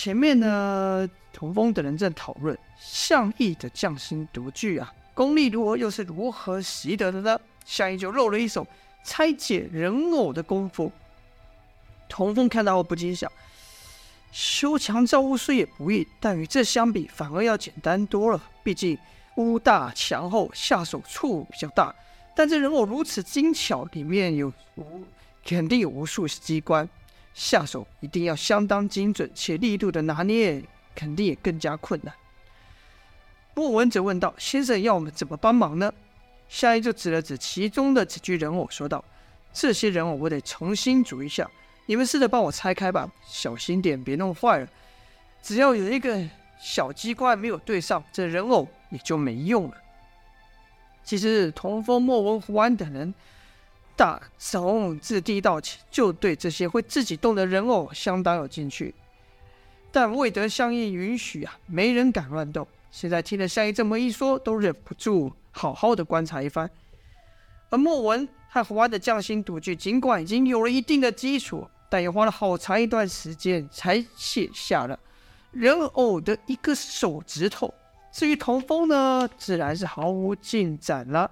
前面呢，童峰等人正討論向義的匠心獨具啊，功力如何，又是如何習得的呢？向義就露了一手拆解人偶的功夫。童峰看到後不禁想：修牆造屋雖也不易，但與這相比反而要簡單多了。畢竟屋大牆厚，下手處比較大。但這人偶如此精巧，裡面有無肯定有無數機關。下手一定要相當精準，且力度的拿捏肯定也更加困難。莫文則問道：“先生要我們怎麼幫忙呢？”夏一就指了指其中的幾具人偶，說道：“這些人偶我得重新組一下，你們試着幫我拆開吧，小心點，別弄壞了。只要有一個小機關沒有對上，這人偶也就沒用了。”其實，同風、莫文、胡安等人。打從自第一道起就對這些會自己動的人偶相當有興趣，但未得相爺允許啊，沒人敢亂動。現在聽了相爺這麼一說，都忍不住好好的觀察一番。而莫文和戶外的匠心獨具，儘管已經有了一定的基礎，但也花了好長一段時間才寫下了人偶的一個手指頭。至於童風呢，自然是毫無進展了。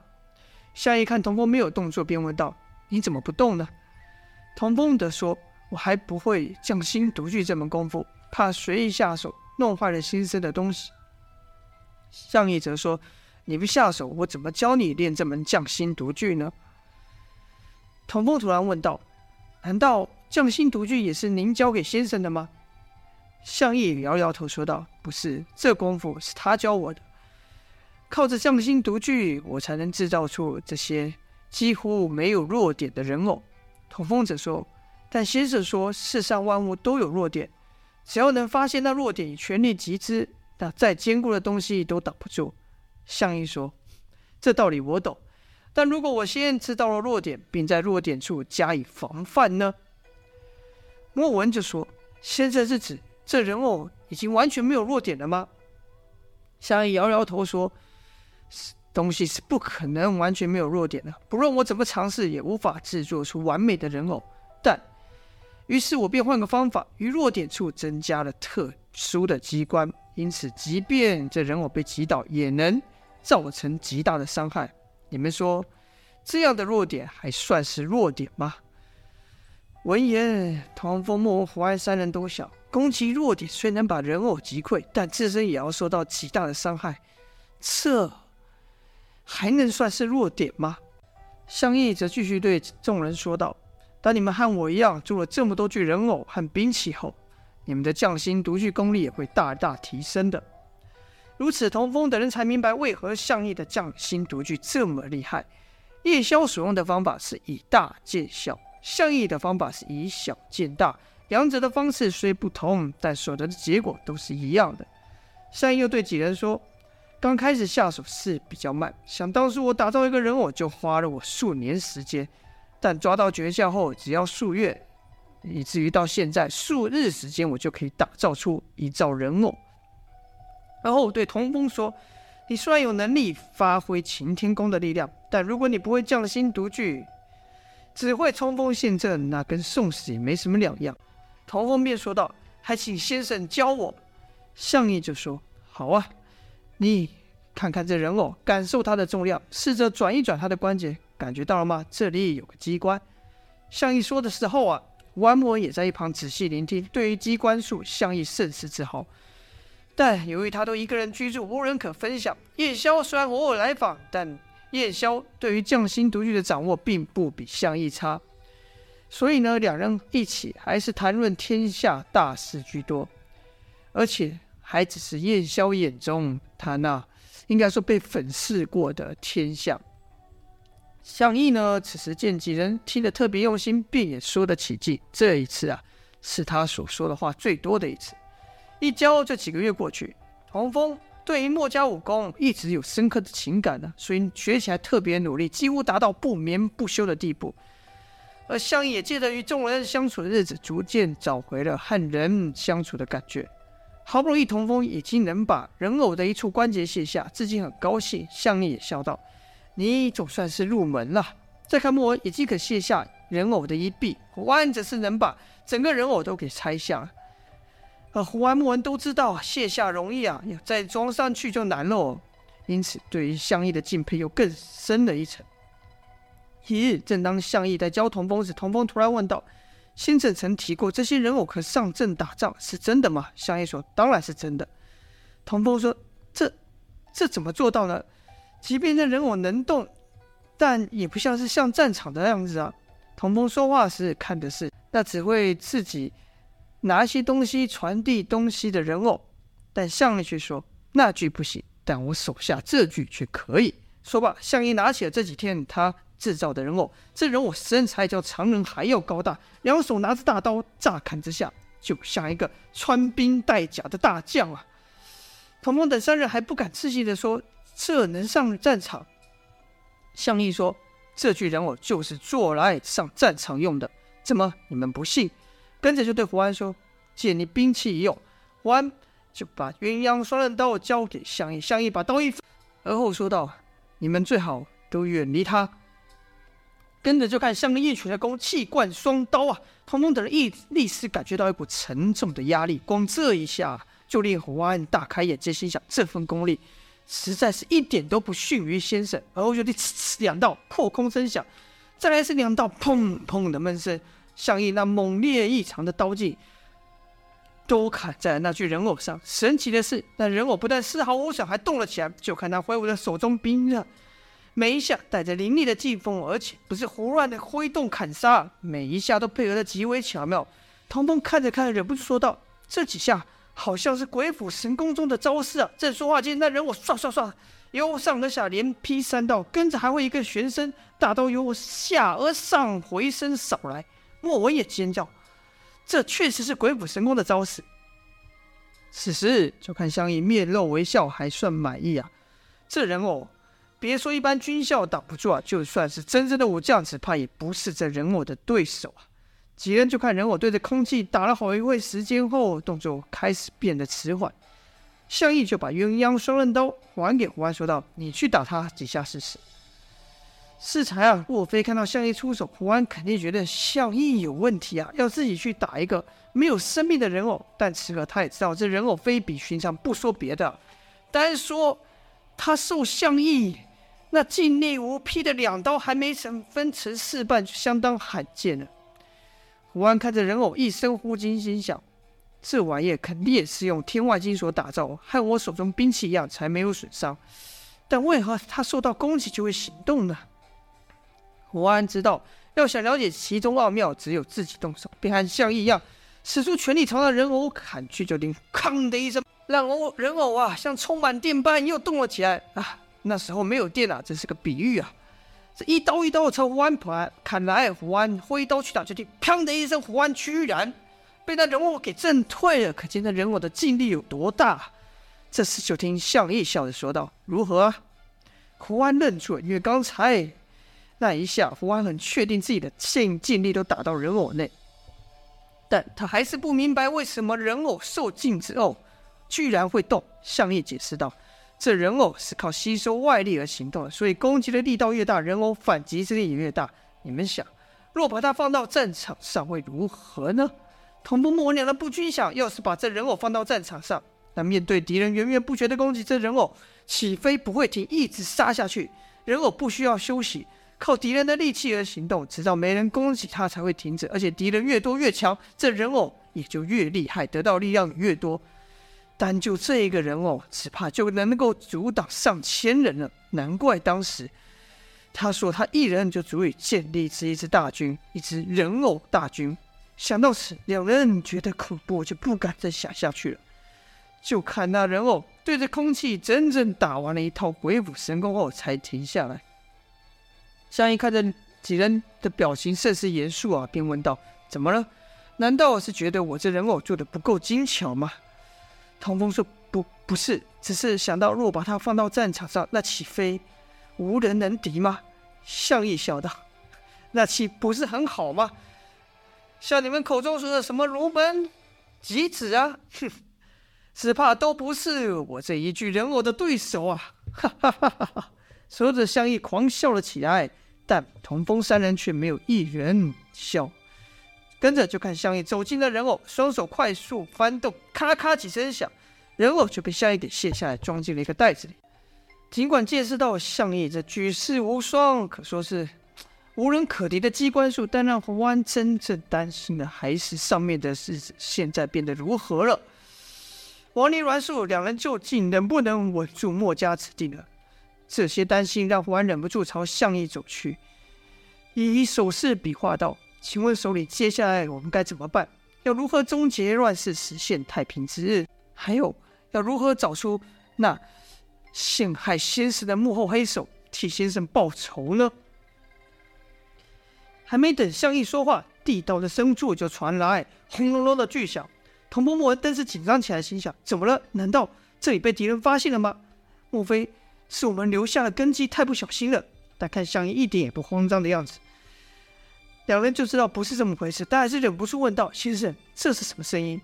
向義看童風沒有動作，便問道：“你怎麼不動呢？”童風則說：“我還不會匠心獨具這門功夫，怕隨意下手弄壞了先生的東西。”向義則說：“你不下手，我怎麼教你練這門匠心獨具呢？”童風突然問道：“難道匠心獨具也是您教給先生的嗎？”向義搖搖頭說道：“不是，這功夫是他教我的。”靠着匠心獨具，我才能製造出這些幾乎沒有弱點的人偶。統風者說：“但先生說世上萬物都有弱點，只要能發現那弱點，全力擊之，那再堅固的東西都擋不住。”相依說：“這道理我懂，但如果我先知道了弱點，並在弱點處加以防範呢？”莫文就說：“先生是指這人偶已經完全沒有弱點了嗎？”相依搖搖頭說。東西是不可能完全沒有弱點的，不論我怎麼嘗試，也無法製作出完美的人偶。但，於是我便換個方法，於弱點處增加了特殊的機關。因此，即便這人偶被擊倒，也能造成極大的傷害。你們說，這樣的弱點還算是弱點嗎？聞言，唐風、莫文、胡安三人都想：攻擊弱點雖能把人偶擊潰，但自身也要受到極大的傷害。這。還能算是弱點嗎？向義則繼續對眾人說道：“當你們和我一樣做了這麼多具人偶和兵器後，你們的匠心獨具功力也會大大提升的。”如此，同風等人才明白為何向義的匠心獨具這麼厲害。夜宵所用的方法是以大見小，向義的方法是以小見大，兩者的方式雖不同，但所得的結果都是一樣的。向義又對幾人說。剛開始下手是比較慢，想當初我打造一個人偶就花了我數年時間，但抓到訣竅後只要數月，以至於到現在數日時間我就可以打造出一造人偶。然後我對童風說：“你雖然有能力發揮擎天弓的力量，但如果你不會匠心獨具，只會衝鋒陷陣，啊，那跟送死也沒什麼兩樣。”童風便說道：“還請先生教我。”相爺就說：“好啊。”你看看這人偶，哦，感受它的重量，試着轉一轉它的關節，感覺到了嗎？這裡有個機關。向一說的時候啊，彎魔也在一旁仔細聆聽。對於機關術，向一甚是自豪，但由於他都一個人居住，無人可分享。夜宵雖然偶爾來訪，但夜宵對於匠心獨具的掌握並不比向一差，所以呢，兩人一起還是談論天下大事居多，而且還只是夜宵眼中。談啊，應該說被粉飾過的天象。相意呢，此時見幾人聽得特別用心，便也說得起勁。這一次啊，是他所說的話最多的一次。一交這幾個月過去，童峰對於墨家武功一直有深刻的情感呢、啊，所以學起來特別努力，幾乎達到不眠不休的地步。而相意也借着與眾人相處的日子，逐漸找回了和人相處的感覺。好不容易，童峰已經能把人偶的一處關節卸下，自己很高興。向義也笑道：“你總算是入門了。”再看木文，已經可卸下人偶的一臂，胡安只是能把整個人偶都給拆下。呃，胡安、木文都知道卸下容易啊，要再裝上去就難嘍、哦。因此，對於向義的敬佩又更深了一層。一日，正當向義在教童峰時，童峰突然問道。新政曾提過這些人偶可上陣打仗，是真的嗎？相爺說：“當然是真的。”童風說：“這，這怎麼做到呢？即便這人偶能動，但也不像是像戰場的樣子啊。”童風說話時看的是那只會自己拿一些東西傳遞東西的人偶，但相爺卻說：“那具不行，但我手下這具卻可以。”說吧，相爺拿起了這幾天他。製造的人偶，這人偶身材較常人還要高大，兩手拿着大刀，乍看之下就像一個穿兵戴甲的大將啊！童蒙等三人還不敢置信地說：“這能上戰場？”相義說：“這具人偶就是做來上戰場用的，怎麼你們不信？”跟着就對胡安說：“借你兵器一用。”胡安就把鴛鴦雙刃刀交給相義，相義把刀一分而後說道：“你們最好都遠離他。”跟着就看向義一拳的攻氣貫雙刀啊！通通等人一立時感覺到一股沉重的壓力，光這一下就令胡安大開眼界，心想這份功力實在是一點都不遜於先生。而、哦、我就得“呲呲”兩道破空聲響，再來是兩道“砰砰”的悶聲，向義那猛烈異常的刀勁，都砍在那具人偶上。神奇的是，那人偶不但絲毫無損，還動了起來。就看他揮舞的手中兵刃、啊。每一下帶着凌厲的勁風，而且不是胡亂的揮動砍殺，每一下都配合的極為巧妙。彤彤看着看着，忍不住說道：“這幾下好像是鬼斧神工中的招式啊！”正說話間，那人偶唰唰唰由上而下連劈三刀，跟着還會一個旋身，大刀由我下而上回身掃來。莫文也尖叫：“這確實是鬼斧神工的招式。”此時就看相毅面露微笑，還算滿意啊。這人偶。別說一般軍校擋不住啊，就算是真正的武將，只怕也不是這人偶的對手啊！幾人就看人偶對着空氣打了好一會時間後，動作開始變得遲緩。相一就把鴛鴦雙刃刀還給胡安，說道：“你去打他幾下試試。”適才啊，莫非看到相一出手，胡安肯定覺得相一有問題啊，要自己去打一個沒有生命的人偶。但此刻他也知道這人偶非比尋常，不說別的，單說。他受相意，那境內無匹的兩刀還沒成分成四半，就相當罕見了。胡安看着人偶，一聲呼驚，心想：這玩意肯定也是用天外金所打造，和我手中兵器一樣，才沒有損傷。但為何他受到攻擊就會行動呢？胡安知道，要想了解其中奧妙，只有自己動手，便像相意一樣，使出全力朝那人偶砍去，就聽“哐”的一聲。讓偶人偶啊，像充滿電般又動了起來啊！那時候沒有電了，啊，這是個比喻啊！這一刀一刀朝胡安砍來，胡安揮刀去打，就聽“砰”的一聲，胡安居然被那人偶給震退了。可見那人偶的勁力有多大！這時就聽項義笑着說道：“如何？”胡安愣住了，因為剛才那一下，胡安很確定自己的盡勁力都打到人偶內，但他還是不明白為什麼人偶受勁之後。居然會動！向夜解釋道：“這人偶是靠吸收外力而行動的，所以攻擊的力道越大，人偶反擊之力也越大。你們想，若把它放到戰場上會如何呢？同部幕僚的步軍想，要是把這人偶放到戰場上，那面對敵人源源不絕的攻擊，這人偶豈非不會停，一直殺下去？人偶不需要休息，靠敵人的力氣而行動，直到沒人攻擊它才會停止。而且敵人越多越強，這人偶也就越厲害，得到力量越多。”單就這一個人偶，只怕就能夠阻擋上千人了。難怪當時他說他一人就足以建立起一支大軍，一支人偶大軍。想到此，兩人覺得恐怖，就不敢再想下去了。就看那人偶對着空氣整整打完了一套鬼斧神工後，才停下來。相依看着幾人的表情甚是嚴肅啊，便問道：“怎麼了？難道是覺得我這人偶做得不夠精巧嗎？”童風說：“不，不是，只是想到若把他放到戰場上，那豈非無人能敵嗎？”向義笑道：“那豈不是很好嗎？像你們口中說的什麼龍門、極子啊，哼，只怕都不是我這一具人偶的對手啊！”哈哈哈哈哈，說着，向義狂笑了起來，但童風三人卻沒有一人笑。跟着就看向逸走進了人偶，雙手快速翻動，咔咔幾聲響，人偶就被向逸給卸下來，裝進了一個袋子裡。儘管見識到向逸這舉世無雙，可說是無人可敵的機關術，但讓胡安真正擔心的還是上面的日子現在變得如何了。王林、欒樹兩人究竟能不能穩住墨家子弟呢？這些擔心讓胡安忍不住朝向逸走去，以手勢比劃道。請問首領，接下來我們該怎麼辦？要如何終結亂世，實現太平之日？還有，要如何找出那陷害先生的幕後黑手，替先生報仇呢？還沒等相義說話，地道的深處就傳來轟隆隆隆的巨響。同步木文頓時緊張起來，心想：怎麼了？難道這裡被敵人發現了嗎？莫非是我們留下的根基太不小心了？但看向義一點也不慌張的樣子。兩人就知道不是這麼回事，但還是忍不住問道：“先生，這是什麼聲音？”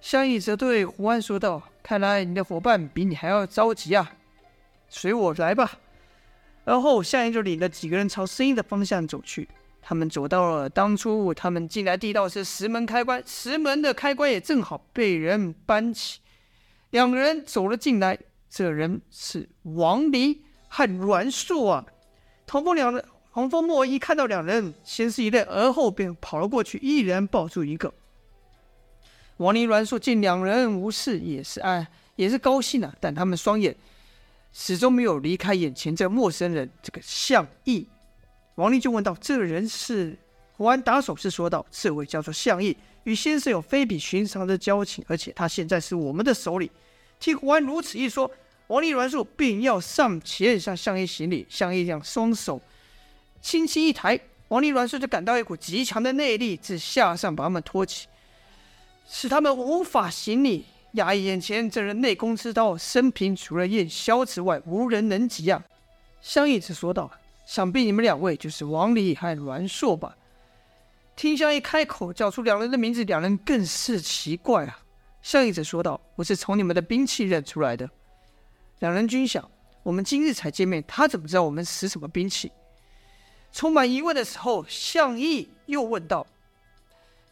項羽則對胡安說道：“看來你的夥伴比你還要着急啊，隨我來吧。”然後項羽就領着幾個人朝聲音的方向走去。他們走到了當初他們進來地道時石門開關，石門的開關也正好被人搬起。兩個人走了進來，這人是王離，和阮碩啊，逃不了的。洪峰莫一看到兩人，先是一愣，而後便跑了過去，一人抱住一個。王林、欒樹見兩人無事，也是唉、哎，也是高興啊。但他們雙眼始終沒有離開眼前這個陌生人。這個向義，王林就問道：“這個人是？”胡安打手勢說道：“這位叫做向義，與先生有非比尋常的交情，而且他現在是我們的首領。”聽胡安如此一說，王林、欒樹便要上前向向義行禮。向義將雙手，輕輕一抬，王立、欒碩就感到一股極強的內力自下上把他們托起，使他們無法行禮。呀！眼前這人內功之高，生平除了燕蕭之外，無人能及啊！相意者說道：“想必你們兩位就是王立和栾碩吧？”聽相意開口叫出兩人的名字，兩人更是奇怪啊！相意者說道：“我是從你們的兵器認出來的。”兩人均想：我們今日才見面，他怎麼知道我們使什麼兵器？充滿疑問的時候，向義又問道：“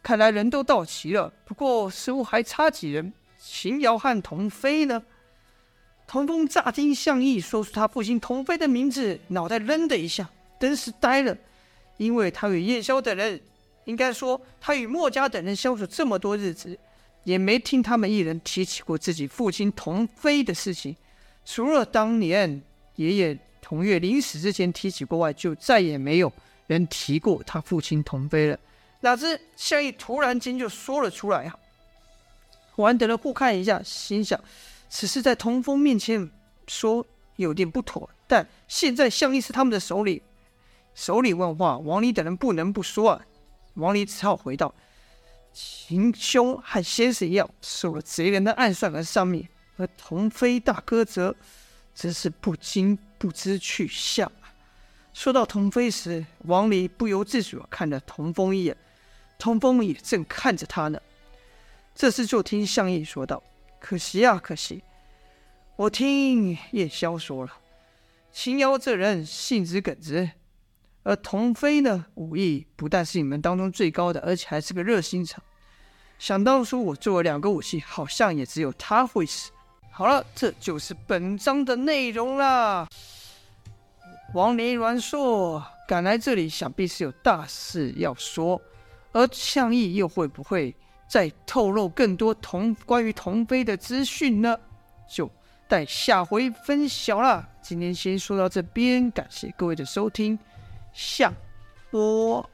看來人都到齊了，不過似乎還差幾人，秦瑤和童飛呢？”童風乍聽向義說出他父親童飛的名字，腦袋“愣”的一下，頓時呆了，因為他與葉蕭等人，應該說他與墨家等人相處這麼多日子，也沒聽他們一人提起過自己父親童飛的事情，除了當年爺爺。同月臨死之前提起過外，就再也沒有人提過他父親同飛了。哪知項羽突然間就說了出來啊。王離等人互看一下，心想此事在同風面前說有點不妥，但現在項羽是他們的首領，首領問話，王離等人不能不說啊。王離只好回道：“秦兄和先生一樣，受了賊人的暗算而喪命，而同飛大哥則真是不精。”不知去向。說到童飛時，王離不由自主看着童風一眼，童風也正看着他呢。這時就聽向義說道：“可惜啊，可惜！我聽葉蕭說了，秦瑤這人性子耿直，而童飛呢，武藝不但是你們當中最高的，而且還是個熱心腸。想當初我做了兩個武器，好像也只有他會使。”好了，這就是本章的內容了。王林軟碩，趕來這裡，想必是有大事要說。而向義又會不會再透露更多同關於同妃的資訊呢？就待下回分享曉了。今天先說到這邊，感謝各位的收聽，下播。